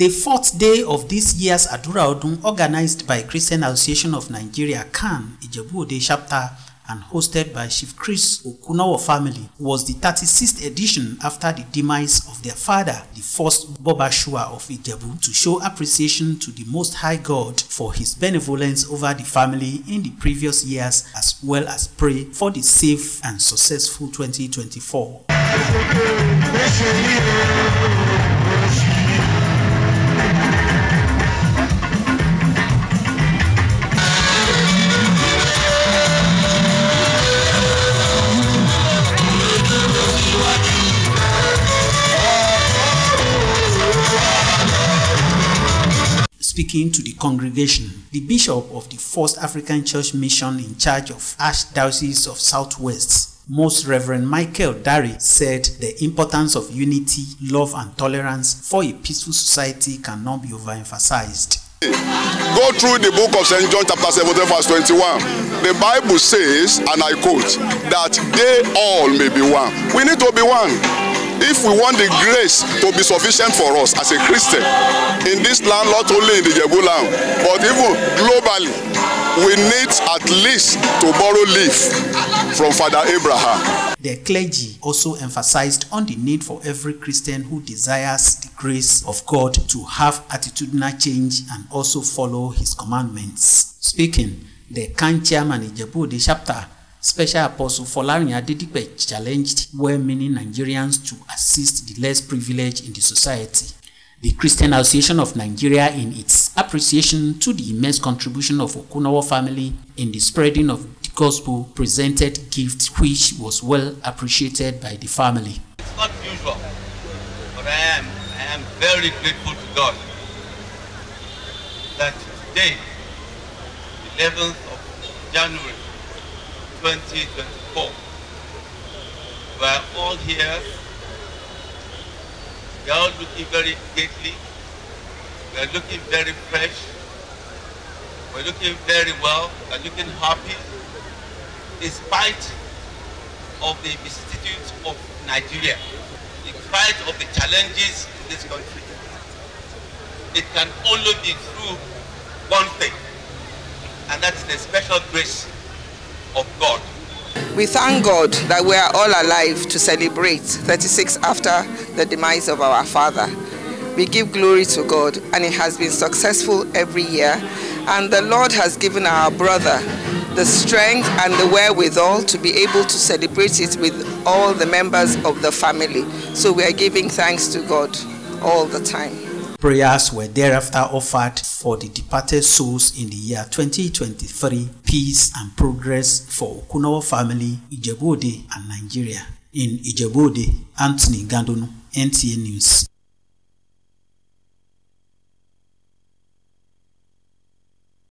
The fourth day of this year's Adura Odun, organized by Christian Association of Nigeria, CAN, Ijebu-Ode chapter, and hosted by Chief Chris Okunawa family, was the 36th edition after the demise of their father, the first Bobashua of Ijebu, to show appreciation to the Most High God for his benevolence over the family in the previous years, as well as pray for the safe and successful 2024. speaking to the congregation, the bishop of the First African Church Mission in charge of Archdiocese of Southwest, most Reverend Michael Dari said the importance of unity, love, and tolerance for a peaceful society cannot be overemphasized. Go through the book of St. John chapter seventeen, verse twenty-one. The Bible says, and I quote, that they all may be one. We need to be one. If we want the grace to be sufficient for us as a Christian in this land, not only in the Jebu land, but even globally, we need at least to borrow leaf from Father Abraham. The clergy also emphasized on the need for every Christian who desires the grace of God to have attitudinal change and also follow his commandments. Speaking, the Kan chairman Ijebuode chapter Special Apostle Folarin Adedipe challenged well-meaning Nigerians to assist the less privileged in the society. The Christian Association of Nigeria in its appreciation to the immense contribution of Okunawa family in the spreading of the gospel presented gift which was well appreciated by the family. It's not usual, but I am, I am very grateful to God that today, 11th of January 2024, we are all here They are all looking very stately. We are looking very fresh. are looking very well. are looking happy. In spite of the vicissitudes of Nigeria, in spite of the challenges in this country, it can only be through one thing, and that is the special grace of God. We thank God that we are all alive to celebrate 36 after the demise of our father. We give glory to God and it has been successful every year and the Lord has given our brother the strength and the wherewithal to be able to celebrate it with all the members of the family. So we are giving thanks to God all the time. Prayers were thereafter offered for the departed souls in the year 2023, peace and progress for Okunowo family, Ijebode and Nigeria. In Ijebode, Anthony Gandonu, NTA News.